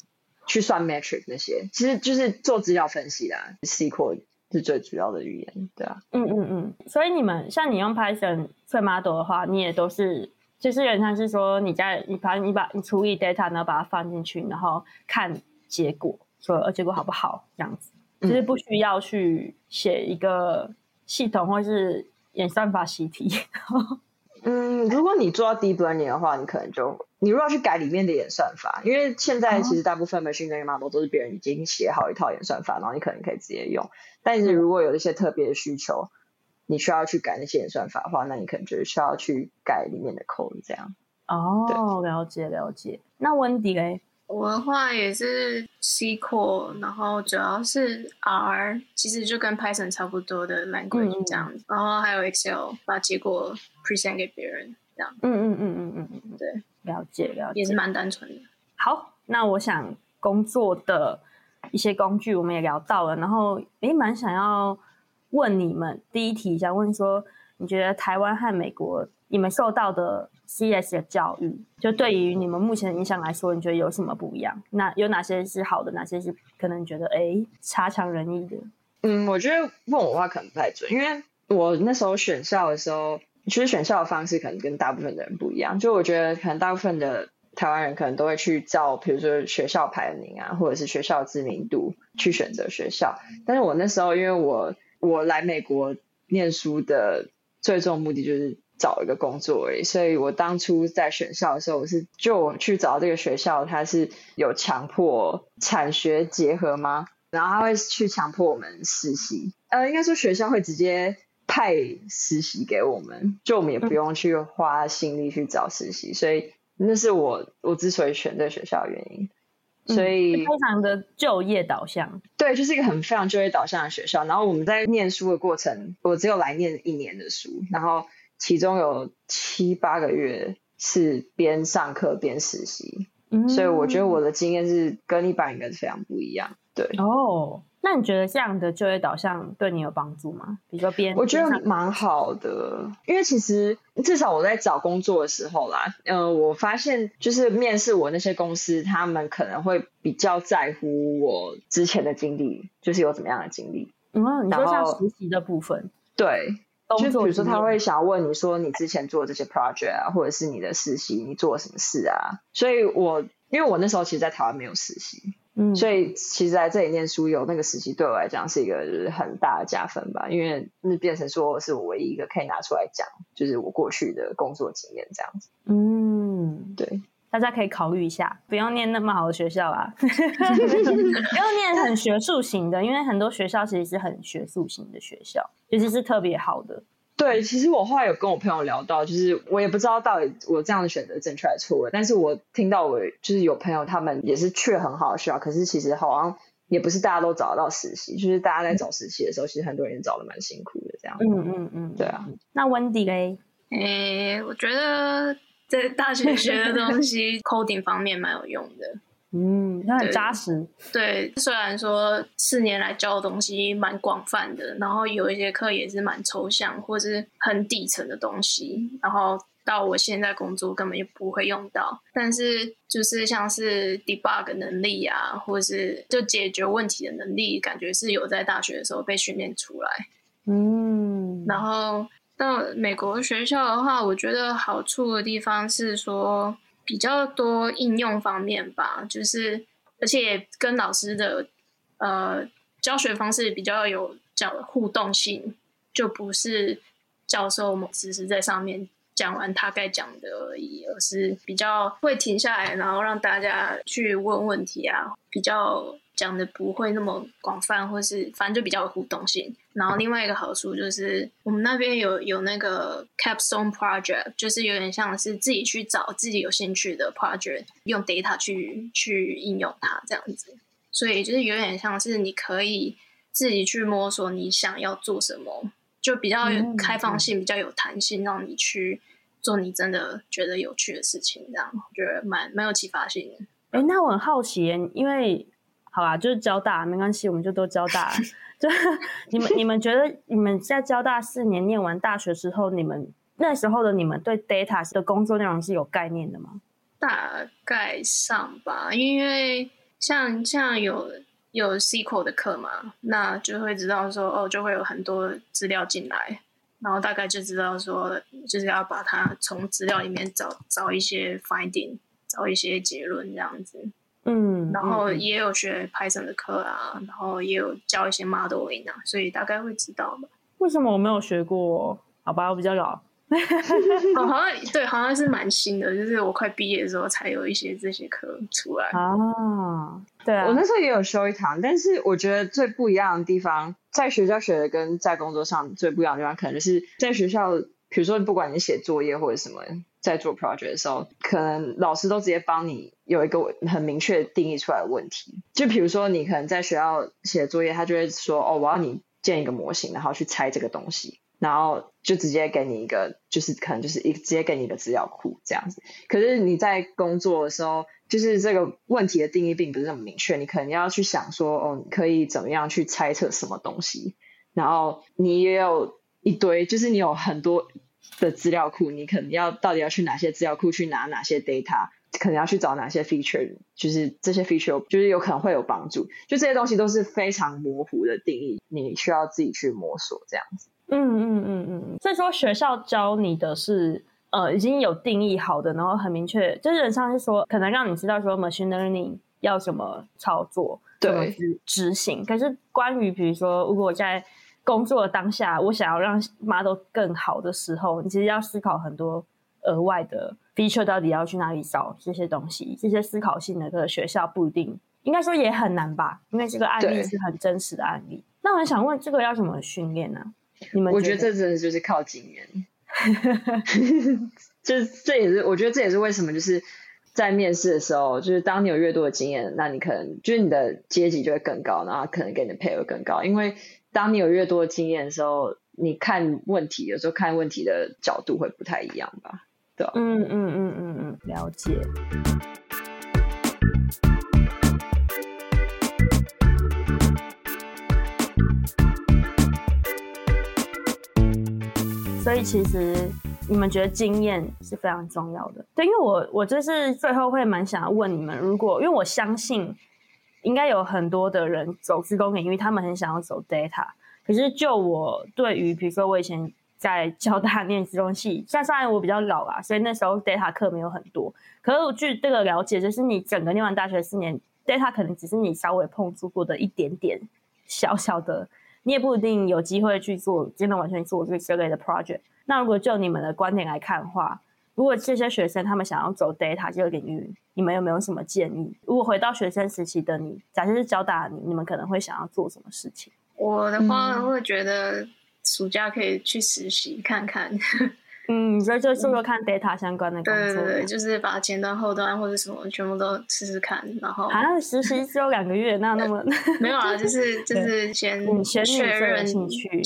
去算 metric 那些，其實就是做資料分析啦，SQL 是最主要的語言，對啊，嗯嗯嗯，所以你們像你用 Python、算 model 的話，你也都是就是原先是說你在，你把，你把，你處理 data，然後把它放進去，然後看結果。說呃結果好不好？這樣子其實、就是、不需要去寫一個系統或是演算法習題。嗯， 如果你做到 deep learning 的話，你可能就你如果要去改裡面的演算法，因為現在其實大部分 machine learning model 都是別人已經寫好一套演算法，然後你可能可以直接用。但是如果有一些特別的需求，嗯、你需要去改那些演算法的話，那你可能就是需要去改裡面的 code 這樣。哦，對了解了解。那 Wendy 呢？我的話也是 SQL，然後主要是 R，其實就跟 Python 差不多的蠻貴的這樣子，嗯、然後還有 Excel 把結果 present 給別人這樣嗯。嗯嗯嗯嗯嗯嗯，嗯對了，了解了解。也是蠻單純的。好，那我想工作的一些工具我們也聊到了，然後也，欸，蠻想要問你們第一題，想問說你覺得台灣和美國你們受到的。CS 的教育，就對於你們目前的印象來說，你覺得有什麼不一樣？那有哪些是好的，哪些是可能你覺得哎、欸、差強人意的？嗯，我覺得問我話可能不太準，因為我那時候選校的時候，其實選校的方式可能跟大部分的人不一樣。就我覺得，可能大部分的台灣人可能都會去照，比如說學校排名啊，或者是學校知名度去選擇學校。但是我那時候，因為我我來美國念書的最終目的就是。找一個工作而已。所以我當初在選校的時候，我是就去找這個學校，他是有強迫產學結合嗎？然後他會去強迫我們實習，呃，應該說學校會直接派實習給我們，就我們也不用去花心力去找實習，嗯、所以那是我我之所以選這學校的原因。所以、嗯、非常的就業導向，對，就是一個很非常就業導向的學校。然後我們在念書的過程，我只有來念一年的書，然後。其中有七八個月是邊上課邊實習，嗯，所以我覺得我的經驗是跟你一般應該是非常不一樣。對哦，那你覺得這樣的就業導向對你有幫助嗎？比如說邊我覺得蠻好的，因為其實至少我在找工作的時候啦，呃，我發現就是面試我那些公司，他們可能會比較在乎我之前的經歷，就是有怎麼樣的經歷。嗯，你說像實習的部分，對。就比如說他會想問你說，你之前做這些 project 啊，或者是你的實習，你做了什麼事啊？所以我因為我那時候其實，在台灣沒有實習，嗯，所以其實在這裡念書有那個實習，對我來講是一個就是很大的加分吧，因為那變成說是我唯一一個可以拿出來講，就是我過去的工作經驗這樣子。嗯，對。大家可以考慮一下，不要念那麼好的學校啊， 不要念很學術型的，但因為很多學校其實是很學術型的學校，其實是特別好的。對，其實我後來有跟我朋友聊到，就是我也不知道到底我這樣的選擇正確還是錯誤，但是我聽到我就是有朋友他們也是去很好學校，可是其實好像也不是大家都找得到實習，就是大家在找實習的時候，其實很多人也找得蠻辛苦的這樣。嗯，嗯嗯嗯，對啊。那 Wendy 咧？誒、欸，我覺得。在大學學的東西 ，coding 方面蠻有用的，嗯，那很扎實，對。對，雖然說四年來教的東西蠻廣泛的，然後有一些課也是蠻抽象，或是很底層的東西，然後到我現在工作根本就不會用到。但是就是像是 debug 能力啊，或是就解決問題的能力，感覺是有在大學的時候被訓練出來。嗯，然後。到美國學校的話，我覺得好處的地方是說，比較多應用方面吧，就是，而且跟老師的呃教學方式比較有講互動性，就不是教授某只是在上面講完他該講的而已，而是比較會停下來，然後讓大家去問問題啊，比較。講的不會那麼廣泛，或是反正就比較有互動性。然後另外一個好處就是，我們那邊有有那個 Capstone Project，就是有點像是自己去找自己有興趣的 Project，用 Data 去去應用它這樣子。所以就是有點像是你可以自己去摸索你想要做什麼，就比較有開放性，比較有彈性，讓你去做你真的覺得有趣的事情。這樣我覺得蠻蠻有啟發性的。哎、欸，那我很好奇、欸，因為。好啊，就是交大，沒關係，我們就都交大。 就你們，你們覺得你們在交大四年 念完大學之後，你們那時候的你們對 data 的工作內容是有概念的嗎？大概上吧，因為像像有有 SQL 的課嘛，那就會知道說哦，就會有很多資料進來，然後大概就知道說，就是要把它從資料裡面找找一些 finding，找一些結論這樣子。嗯，然後也有學 Python 的課啊，嗯、然後也有教一些 modeling，所以大概會知道吧。為什麼我沒有學過？好吧，我比較老。 哦、好像對，好像是蠻新的，就是我快畢業的時候才有一些這些課出來啊。對啊，我，我那時候也有修一堂，但是我覺得最不一樣的地方，在學校學的跟在工作上最不一樣的地方，可能就是在學校，比如說不管你寫作業或者什麼。在做 project 的時候，可能老師都直接幫你有一個很明確定義出來的問題，就比如說你可能在學校寫作業，他就會說哦，我要你建一個模型，然後去猜這個東西，然後就直接給你一個，就是可能就是一直接給你的資料庫這樣子。可是你在工作的時候，就是這個問題的定義並不是那麼明確，你可能要去想說哦，你可以怎麼樣去猜測什麼東西，然後你也有一堆，就是你有很多。的資料庫，你可能要到底要去哪些資料庫去拿哪些 data，可能要去找哪些 feature，就是這些 feature 就是有可能會有幫助。就這些東西都是非常模糊的定義，你需要自己去摸索這樣子。嗯嗯嗯嗯。所以說學校教你的是，呃，已經有定義好的，然後很明確，就是像是說可能讓你知道說 machine learning 要怎麼操作，對，怎麼去執行。可是關於比如說如果在工作的當下，我想要讓 model 更好的時候，你其實要思考很多額外的 feature 到底要去哪裡找這些東西，這些思考性的，可學校不一定，應該說也很難吧，因為這個案例是很真實的案例。對那我很想問，這個要怎麼訓練呢？你們覺得我覺得這真的就是靠經驗， 就這也是我覺得這也是為什麼就是在面試的時候，就是當你有越多的經驗，那你可能就是你的階級就會更高，然後可能給你的配額更高，因為。當你有越多的經驗的時候，你看問題有時候看問題的角度會不太一樣吧？對啊。嗯，嗯嗯嗯嗯嗯，了解。所以其實你們覺得經驗是非常重要的。對，因為我我就是最後會蠻想要問你們，如果，因為我相信。應該有很多的人走人工智能，因為他們很想要走 data。可是就我對於，比如說我以前在交大念資工系，像上算我比較老啊，所以那時候 data 課沒有很多。可是我據這個了解，就是你整個念完大學四年，data 可能只是你稍微碰觸過的一點點小小的，你也不一定有機會去做真的完全做這之類的 project。那如果就你們的觀點來看的話，如果這些學生他們想要走 data 這個領域，你們有沒有什麼建議？如果回到學生時期的你，假設是交大你，你們可能會想要做什麼事情？我的話、嗯、會覺得暑假可以去實習看看。嗯，你覺得就是説看 data、嗯、相關的，工作、啊。對，對，對，就是把前端、後端或者什麼全部都試試看，然後啊，實習只有兩個月， 那那麼 沒有啊，就是就是先先確認確、嗯、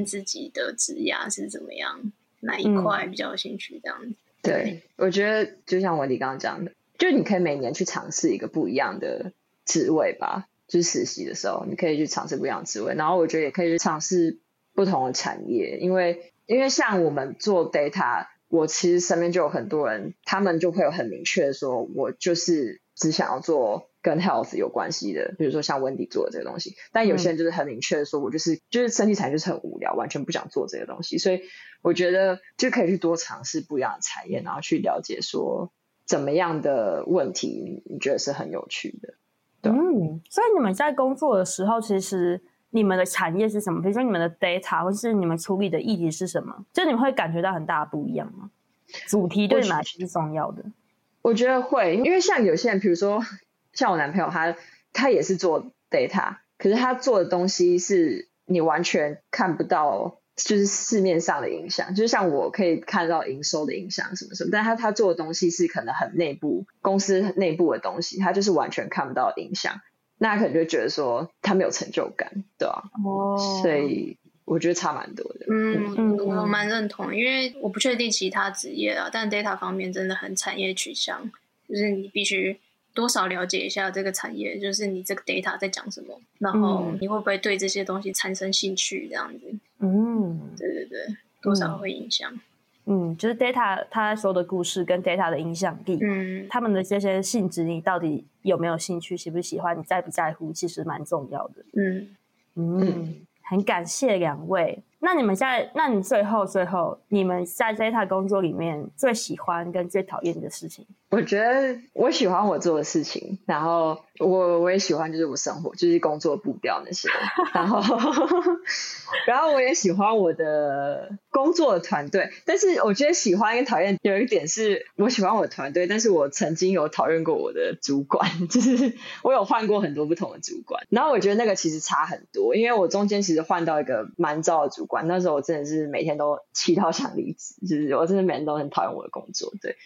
認自己的職業是怎麼樣，嗯、哪一塊比較有興趣這樣子。對，我覺得就像文迪剛剛講的，就你可以每年去嘗試一個不一樣的職位吧。就是實習的時候，你可以去嘗試不一樣的職位，然後我覺得也可以去嘗試不同的產業，因為因為像我們做 data，我其實身邊就有很多人，他們就會有很明確的說，我就是只想要做。跟 health 有關係的，比如說像 Wendy 做的這個東西，但有些人就是很明確的說，我就是、嗯、就是身體產業就是很無聊，完全不想做這個東西。所以我覺得就可以去多嘗試不一樣的產業，然後去了解說怎麼樣的問題你覺得是很有趣的。嗯，所以你們在工作的時候，其實你們的產業是什麼？比如說你們的 data 或是你們處理的議題是什麼？就你們會感覺到很大的不一樣嗎？主題對你們來說是重要的我。我覺得會，因為像有些人，比如說。像我男朋友他、他他也是做 data，可是他做的東西是你完全看不到，就是市面上的影響。就是像我可以看到營收的影響什麼什麼，但他他做的東西是可能很內部公司內部的東西，他就是完全看不到影響。那他可能就覺得說他沒有成就感，對吧、啊。哦，Wow. 所以我覺得差蠻多的。嗯，我我蠻認同，因為我不確定其他職業啊，但 data 方面真的很產業取向，就是你必須。多少了解一下這個產業，就是你這個 data 在講什麼，嗯、然後你會不會對這些東西產生興趣？這樣子，嗯，對對對，多少會影響。嗯，就是 data 他在說的故事跟 data 的影響力，嗯，他們的這些性質，你到底有沒有興趣，喜不喜歡，你在不在乎，其實蠻重要的。嗯嗯，很感謝兩位。那你們在，那你最後最後，你們在 data 工作裡面最喜歡跟最討厭的事情？我覺得我喜歡我做的事情，然後我我也喜歡就是我生活，就是工作的步調那些， 然後 然後我也喜歡我的工作的團隊。但是我覺得喜歡跟討厭有一點是，我喜歡我的團隊，但是我曾經有討厭過我的主管，就是我有換過很多不同的主管，然後我覺得那個其實差很多，因為我中間其實換到一個蠻糟的主管，那時候我真的是每天都氣到想離職，就是我真的每天都很討厭我的工作，對。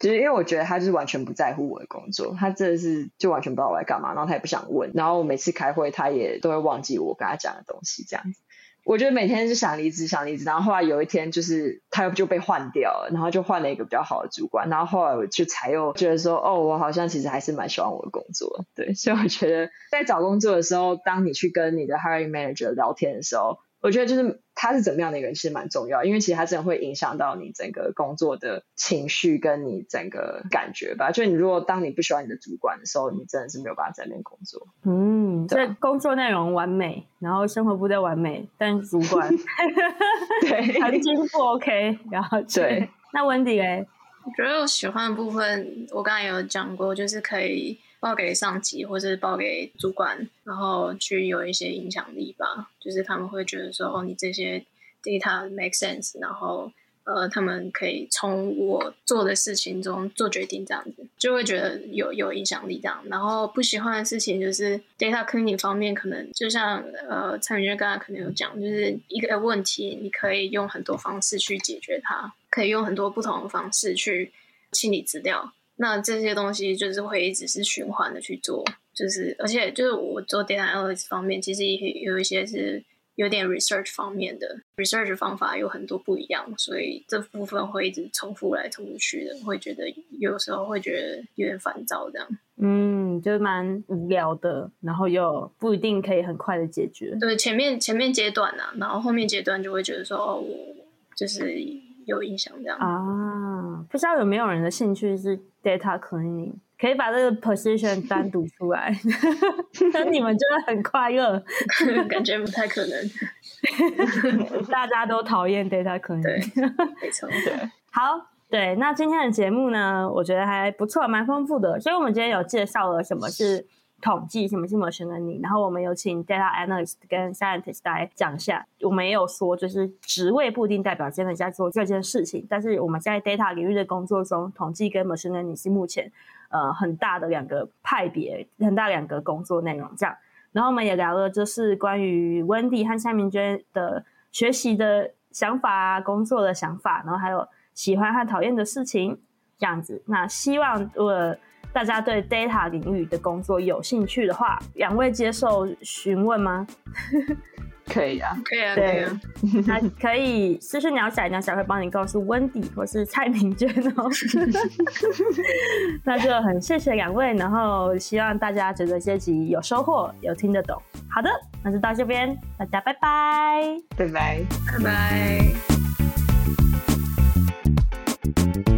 就是因為我覺得他就是完全不在乎我的工作，他真的是就完全不知道我在幹嘛，然後他也不想問，然後我每次開會他也都會忘記我跟他講的東西這樣子。我覺得每天是想離職，想離職，然後後來有一天就是他又就被換掉了，然後就換了一個比較好的主管，然後後來我就才又覺得說，哦，我好像其實還是蠻喜歡我的工作，對，所以我覺得在找工作的時候，當你去跟你的 hiring manager 聊天的時候，我覺得就是他是怎麼樣的一個人是蠻重要的，因為其實他真的會影響到你整個工作的情緒跟你整個感覺吧。就你如果當你不喜歡你的主管的時候，你真的是沒有辦法在那邊工作。嗯，對，工作內容完美，然後生活不太完美，但是主管 對，環境 不 OK。然後對，那 Wendy 哎，我覺得我喜歡的部分，我剛才有講過，就是可以。報給上級或者報給主管，然後去有一些影響力吧。就是他們會覺得說，哦，你這些 data make sense，然後呃，他們可以從我做的事情中做決定，這樣子就會覺得有有影響力這樣。然後不喜歡的事情就是 data cleaning 方面，可能就像呃蔡明娟剛才可能有講，就是一個問題，你可以用很多方式去解決它，可以用很多不同的方式去清理資料。那這些東西就是會一直是循環的去做，就是而且就是我做 data analysis 方面，其實也有一些是有點 research 方面的，research 方法有很多不一樣，所以這部分會一直重複來重複去的，會覺得有時候會覺得有點煩躁這樣。嗯，就蠻無聊的，然後又不一定可以很快的解決。對，前面前面階段啊，然後後面階段就會覺得說，哦，我就是。嗯有印象這樣啊，不知道有沒有人的興趣是 data cleaning，可以把這個 position 單獨出來，但 你們真的很快樂。 感覺不太可能， 大家都討厭 data cleaning。沒錯。對，對好，對，那今天的節目呢，我覺得還不錯，蠻豐富的。所以我們今天有介紹了什麼是。統計，什麼是 machine learning，然後我們有請 data analyst 跟 scientist 來講一下。我們也有說，就是職位不一定代表真的在做這件事情，但是我們在 data 領域的工作中，統計跟 machine learning 是目前呃很大的兩個派別，很大兩個工作內容這樣。然後我們也聊了，就是關於 Wendy 和蔡明娟的學習的想法、工作的想法，然後還有喜歡和討厭的事情這樣子。那希望我、呃大家對 data 領域的工作有興趣的話，兩位接受詢問嗎？可以啊， 可以啊，對，那可以私訊鳥仔，鳥仔會幫你告訴 Wendy 或是蔡明娟哦。那就很謝謝兩位，然後希望大家覺得這集有收穫，有聽得懂。好的，那就到這邊，大家拜拜，拜拜，拜拜。拜拜